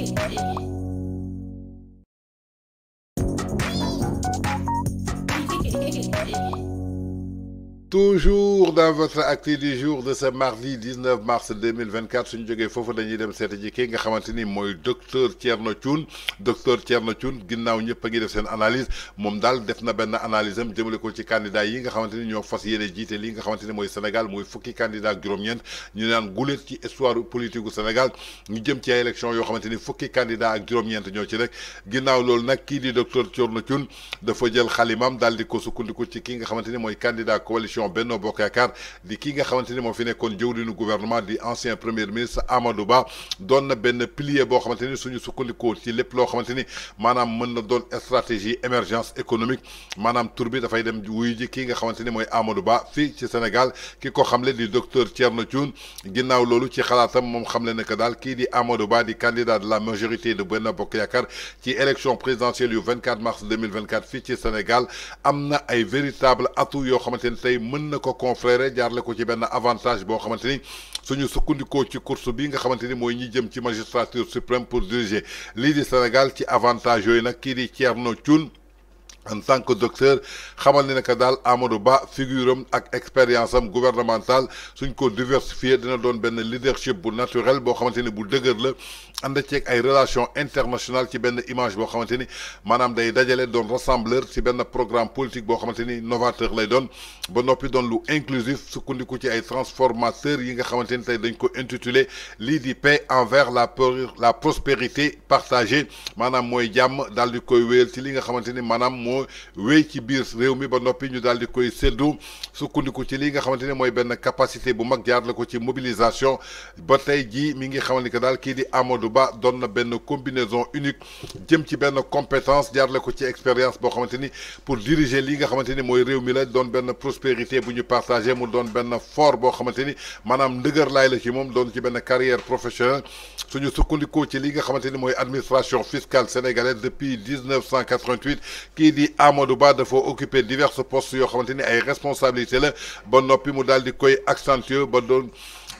Thank you. toujours dans votre acte du jour de ce mardi 19 mars 2024 suñu jógee fofu dañuy dem seeta ji kii nga xamante moy docteur Tierno Tune docteur Tierno Tune ginnaw ñepp a ngi def seen analyse mom dal def na ben analyse am jëmale ko ci candidat yi nga xamante ni ñoo fas yéene jiite li nga xamante moy Sénégal moy fukki candidat ak juróom-ñeent ñu naan guléet ci histoire politique au Sénégal ñu jëm ci élection yo xamante fukki candidat ak juroom ñeent ño ci rek ginnaw lool nak ki di docteur Tierno Thioune dafa jël xalimam dal di ko sukkandiku ci ki nga xamante moy Moi candidat coalition coalition Benno Bokk di ki nga xamanteni mo fi gouvernement di ancien premier ministre Amadou Ba don na benn pilier bo xamanteni ni suñu sukkandikoo ci lepp lo xamanteni manam mën na don stratégie émergence économique manam tur bi fay dem wuy ji ki nga xamanteni moy Amadou Ba fi ci Sénégal ki ko xamle di docteur Thierno Thioune qui lolu ci xalaatam mom xamle ne que daal kii di Amadou Ba di candidat de la majorité de Benno Bokk qui ci élection présidentielle du 24 mars 2024 fi ci Sénégal Amna ay véritable atout yo xamanteni tay mën na ko conférer jaarle ko ci benn avantage boo xamante ni suñu sukkandikoo ci course bi nga xamante ni mooy ñi jëm ci magistrature suprême pour diriger lii di Sénégal ci avantage yooyu nag kii di Thierno Thioune en tant que docteur xamal ni naka dal Amadou Ba figureum ak expérience am gouvernementale suñ ko diversifier dina don ben leadership bu naturel bo xamanteni bu deuguer la ànd ceeg ay relations internationales ci ben image bo xamanteni manam day dajale don rassembleur ci ben programme politique bo xamanteni novateur lay don ba nopi don lu inclusif sukkandiku ci ay transformateur yi nga xamanteni tay tey dañ ko intitulé l'idée paix envers la la prospérité partagée manam Moyam dans dal di koy wéyal ci li nga xamanteni manam oui wéy ci biir réew mi ba noppi ñu daal di koy seddu sukkandiku ci li nga xamante ne capacité bu mag jaar la ko ci mobilisation ba tey jii mi ngi xamal ni que daal kii di Amadou Ba doon na benn combinaison unique jëm ci benn compétence jaar la ci expérience boo xamante ni pour diriger li nga xamante ni mooy réew la doon benn prospérité bu ñu partagé mu doon fort boo xamante ni maanaam ndëgër laay la ci moom doon ci carrière professionnelle suñu sukkandikoo ci li nga xamante ni mooy administration fiscale sénégalaise depuis 1988 qui dit di Amadou Ba faut occuper divers postes yo xamanteni continent ay responsabilités la ba nopi mu daal di koy accentuer ba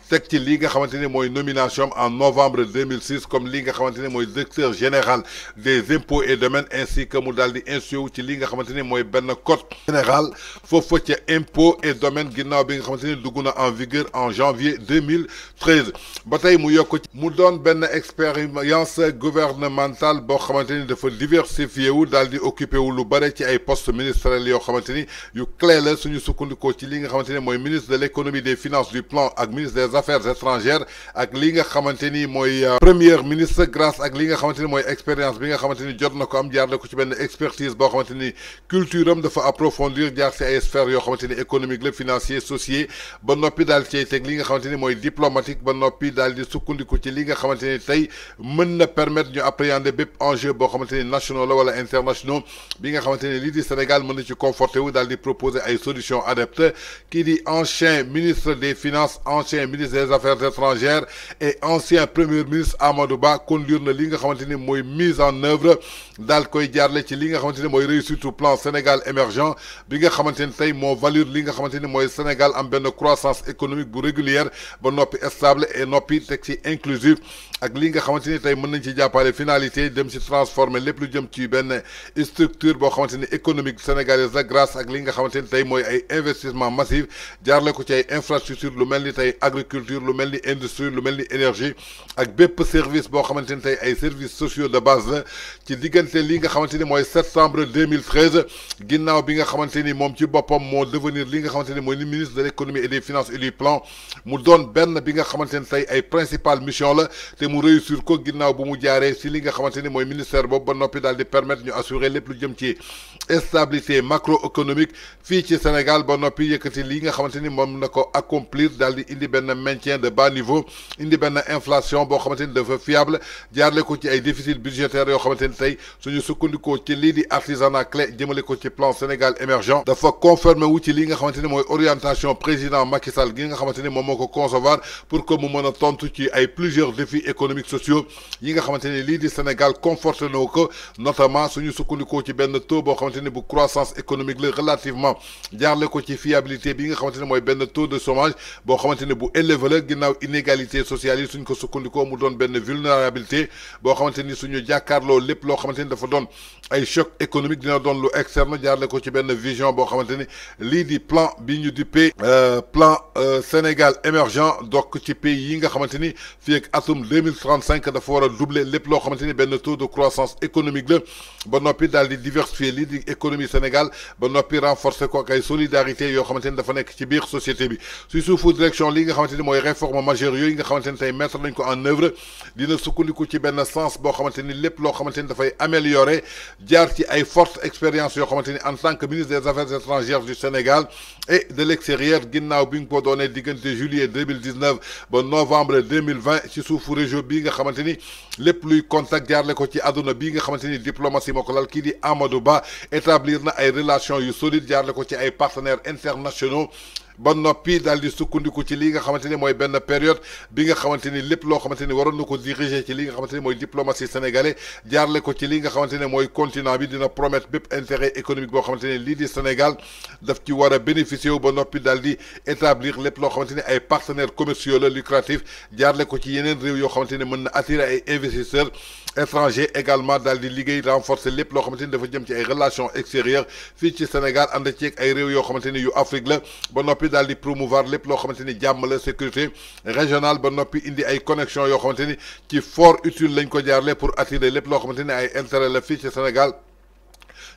tek ci li nga xamanteni moy nomination am en novembre 2006 comme li nga xamanteni moy directeur général des impôts et domaines ainsi que mu daldi di ci li nga xamanteni moy mooy code général foofu ci impôts et domaines ginnaaw bi nga xamanteni ni dugg en vigueur en janvier 2013 batay mu yokk ci mu doon benn expérience gouvernementale bo xamanteni dafa diversifié wu daal occuper wu lu bare ci ay postes ministériels yo xamanteni yu clé la suñu sukkandikoo ci li nga xamanteni moy ministre de l'économie des finances du plan ak ministre des affaires étrangères ak li nga xamante ni mooy euh, premier ministre grâce ak li nga xamante ni expérience bi nga xamante ni jot na ko am jaarale ko ci benn expertise boo xamante ni culture am dafa approfondir jaar si ay sphères yoo xamante ni économique la financier sociaux ba noppi daal ci teg li nga xamante ni diplomatique ba noppi daal di sukkandiku ci li nga xamante ni tey mën na permettre ñu appréhender bépp enjeu boo xamante ni national la wala international bi nga xamante ni lii di Sénégal mën na ci conforté wu daal di proposer ay solutions adeptes kii di ancien ministre des finances ancien ministre ministre des affaires étrangères et ancien premier ministre Amadou Ba conduire na li nga a ni mise en œuvre daal koy jaarle ci li nga xamante ni réussite au plan Sénégal émergent bi nga a ni tey moo valide li nga xamante moy Sénégal am benn croissance économique régulière ba noppi stable et non teg inclusive ak li nga xamante ni tey mën nañ ci jàppale finalité dem transformer lépp lu jëm ci structure boo xamante économique sénégalaise grâce ak li nga xamante ni investissement massif jaarle ko ci infrastructure lu mel ni agriculture lu mel industrie lu mel énergie avec des service pour commenter ni services sociaux de base qui ci ligne li nga xamante mois et septembre 2013 ginnaaw bi nga xamante ni mon ci papa mon devenir li nga xamante ni ministre de l'économie et des finances et du plan mu ben ben, bi nga xamante principale mission la c'est mu réussir ko ginnaaw bu mu si li nga xamante ministère boobu ba noppi de di permettre ñu assurer les lu jëm ci stabilité macroéconomique fii Sénégal ba noppi yëkkati li nga xamante ni moom accomplir d'aller di indi ben maintien de bas niveau indi inflation bo de feu dafa fiable jaarle ko ci ay déficit budgétaire et xamanteni tay suñu sukkandikoo ci l'idée di artisanat clé des ko ci plan Sénégal émergent dafa confirmer wu ci li nga xamanteni moy orientation président Macky Sall gi nga xamanteni mom moko concevoir pour que mon mën tontu ci ay plusieurs défis économiques sociaux yi nga xamanteni sénégal conforte di Sénégal conforté na ce notamment suñu sukkandikoo ci ben taux bo xamanteni bu croissance économique le relativement jaarle ko côté fiabilité bi nga xamanteni moy ben taux de chômage bo xamanteni bu élevé valeurs ginnaw inégalité sociale suñ ko sukkandikoo mu doon ben vulnérabilité bo xamanteni suñu jakarlo lepp lo xamanteni dafa doon ay choc économique dina doon lu externe jaarle ko ci ben vision bo xamanteni li di plan bi ñu dippee euh, plan euh, Sénégal émergent donc ci pays yi nga xamanteni fi ak atum 2035 da fa wara doubler lepp lo xamanteni ben taux de croissance économique la ba nopi dal di diversifier li di économie Sénégal ba nopi renforcer ko ak ay solidarité yo xamanteni da fa nek ci biir société bi si suufu direction li nga xamanteni moy réforme majeure yooyu nga xamanteni tay tey mettre nañ ko en œuvre dina sukkandiku ci ben sens bo xamanteni lepp lo xamanteni da fay améliorer diar ci ay forte expérience yo xamanteni en tant que ministre des affaires étrangères du Sénégal et de l'extérieur ginnaw bi nga ko doonee juillet 2019 au novembre 2020, ci soufou région contacts nga xamanteni lepp luy contact le ko ci aduna bi nga xamanteni diplomatie moo Amadouba, lal di établir na ay relations yu solides le ko ci ay partenaires internationaux ba nopi dal di sukkandiku ci li nga xamanteni moy ben période bi nga xamanteni lepp lo xamanteni waron ni diriger ci li nga xamanteni moy diplomatie sénégalais jarle ko ci li nga xamanteni moy continent bi dina promettre bépp intérêt économique bo xamanteni li di Sénégal daf ci wara bénéficier wu ba noppi di établir lepp lo xamanteni ay partenaires commerciaux lucratifs jarle ko ci yenen rew yo xamanteni meuna attirer ay investisseurs étrangers également daal di liggéey renforcer les plans comme dafa jëm ci relations extérieures Fiche Sénégal en ci ak ay réew yoo xamante Afrique la ba noppi daal di promouvoir les loo xamante ni la sécurité régionale bon appui indi ay connexion et xamante ni ci fort utile lañ ko pour attirer les loo xamante ni ay intérêt la fii ci Sénégal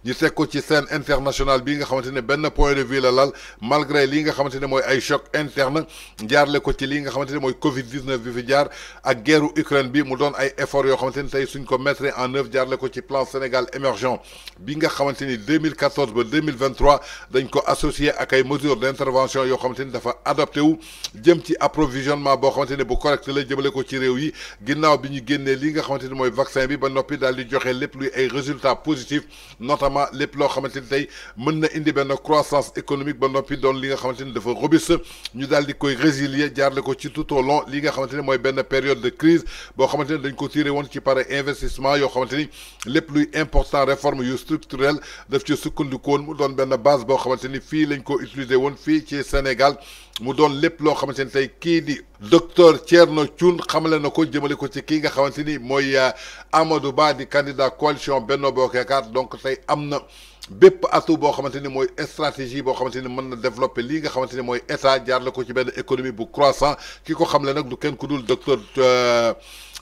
ñu teg ci scène internationale bi nga xamante ne benn point de vue la lal malgré li nga xamante ne mooy ay choc interne jaarle ko ci li nga xamante ne mooy Covid 19 bi fi jaar ak guerre Ukraine bi mu doon ay efforts yoo xamante ni tey suñ ko mettre en œuvre jaarle ko ci plan Sénégal émergent bi nga xamante ni 2014 ba 2023 dañ ko associé ak ay mesures d' intervention yoo xamante ni dafa adopté wu jëm ci approvisionnement boo xamante ne bu correct la jëmale ko ci réew yi ginnaaw bi ñu génnee li nga xamante ni mooy vaccin bi ba noppi daal di joxe lépp luy ay résultats positifs notamment maanaam lépp loo xamante ni mën na indi ben croissance économique ba nopi doon li nga xamanteni dafa robuste ñu daal di koy résilier jaarle ko ci tout au long li nga xamanteni moy ben période de crise bo xamanteni dañ ko tiré won ci par investissement yo xamanteni lepp luy important réforme yu structurelle daf ci sukkandiku ko mu doon ben base bo xamanteni fi lañ ko utiliser won fi ci Sénégal mu doon lepp lo xamanteni tay tey di docteur Thierno Thioune xamale na ko jëmale ko ci kii nga xamante ni mooy euh, amadu Ba di candidat coalition Benno Bokk Yaakaar donc tey am na bépp atout boo xamante ni mooy stratégie boo xamante ni mën na développer lii nga xamante ni mooy état jaar la ko ci benn économie bu croissant ki ko xamle nag du kenn ku dul docteur. Euh,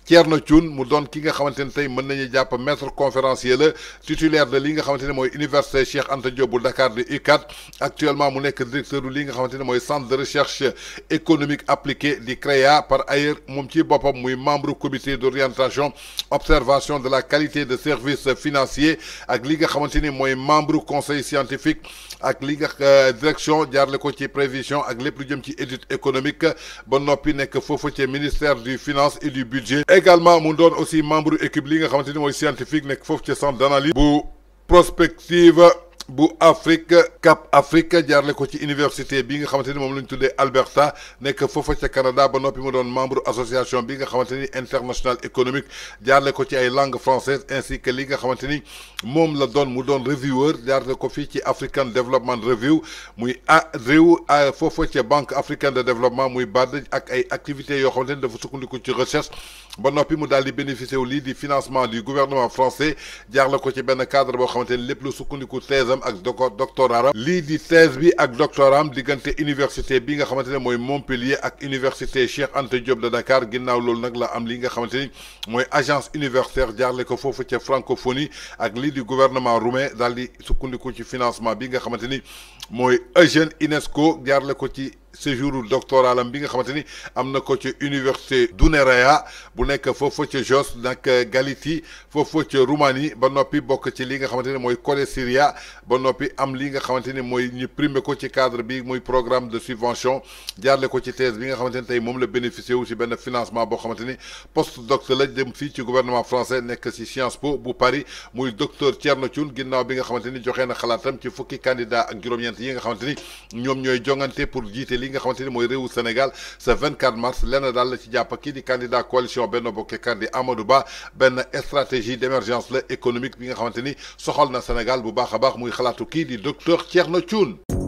Thierno Thioune mu doon ki nga xamante ne tey mën nañu jàpp maître conférencier la titulaire de li nga xamante ne mooy université Cheikh Anta Diop bu Dakar di UCAD actuellement mu nekk directeur li nga xamante ne mooy centre de recherche économique appliquée di CREA par ailleurs moom ci boppam muy membre comité d'orientation observation de la qualité de service financier ak li nga xamante ni mooy membre conseil scientifique ak li nga euh, direction jaarle ko ci prévision ak lépp lu jëm ci étude économique ba noppi nekk foofu ci ministère du finance et du budget également mu donne aussi membre équipe li nga xamanteni moy scientifique nek fofu ci centre d'analyse bu prospective bu Afrique Cap Afrique jaarale ko ci université bi nga xamanteni mom moom tuddé Alberta nek foofa ci Canada ba noppi mu don membre association bi nga xamanteni international économique jaarale ko ci ay langue française, ainsi que li nga xamanteni mom la don mu don reviewer jaarale ko fi ci African Development Review muy a réew foofa ci Banque africaine de développement muy BAD ak ay activités yo xamanteni dafa sukkandiku ci recherche ba noppi mu daal bénéficier au lit di financement du gouvernement français jaarale ko ci le cadre bo xamanteni lepp lu sukkandiku teesam am ak doctorat am lii di thèse bi ak doctorat am université bi nga xamanténi moy Montpellier ak université Cheikh Anta Diop de Dakar ginnaw lool nak la am li nga xamanténi moy agence universitaire jaarle ko fofu ci francophonie ak l'idée di gouvernement roumain dal di sukkandiku ci financement bi nga xamanténi moy mooy Eugène UNESCO jaarle ko ci séjour doctoral am bi nga xamanteni amna ko ci université d'Unărea bu nek fofu ci Jos nak euh, Galiti, fofu ci Roumanie ba nopi bok ci li nga xamanteni moy Collège Syria ba nopi am li nga xamante ni primé ko ci cadre bi moy programme de subvention jaarle ko ci thèse bi nga xamanteni tay mom la bénéficié wu si financement bo xamanteni poste postdoc la dem fii ci gouvernement français nek ci Sciences Po bu Paris moy docteur Tierno Thioune ginnaw bi nga xamanteni ni joxe na xalaatam ci fukki candidat ak juróom-ñeent yi nga xamanteni ñom ñoy jonganté pour jiite li nga xamanteni moy senegal Sénégal ce 24 mars lenn dal la ci japp ki di candidat coalition Benno Bokk Yaakaar di Amadou Ba ben, stratégie d'émergence économique bi nga xamanteni na Sénégal bu baax a baax muy xalaatu kii di docteur Thierno Tchoun.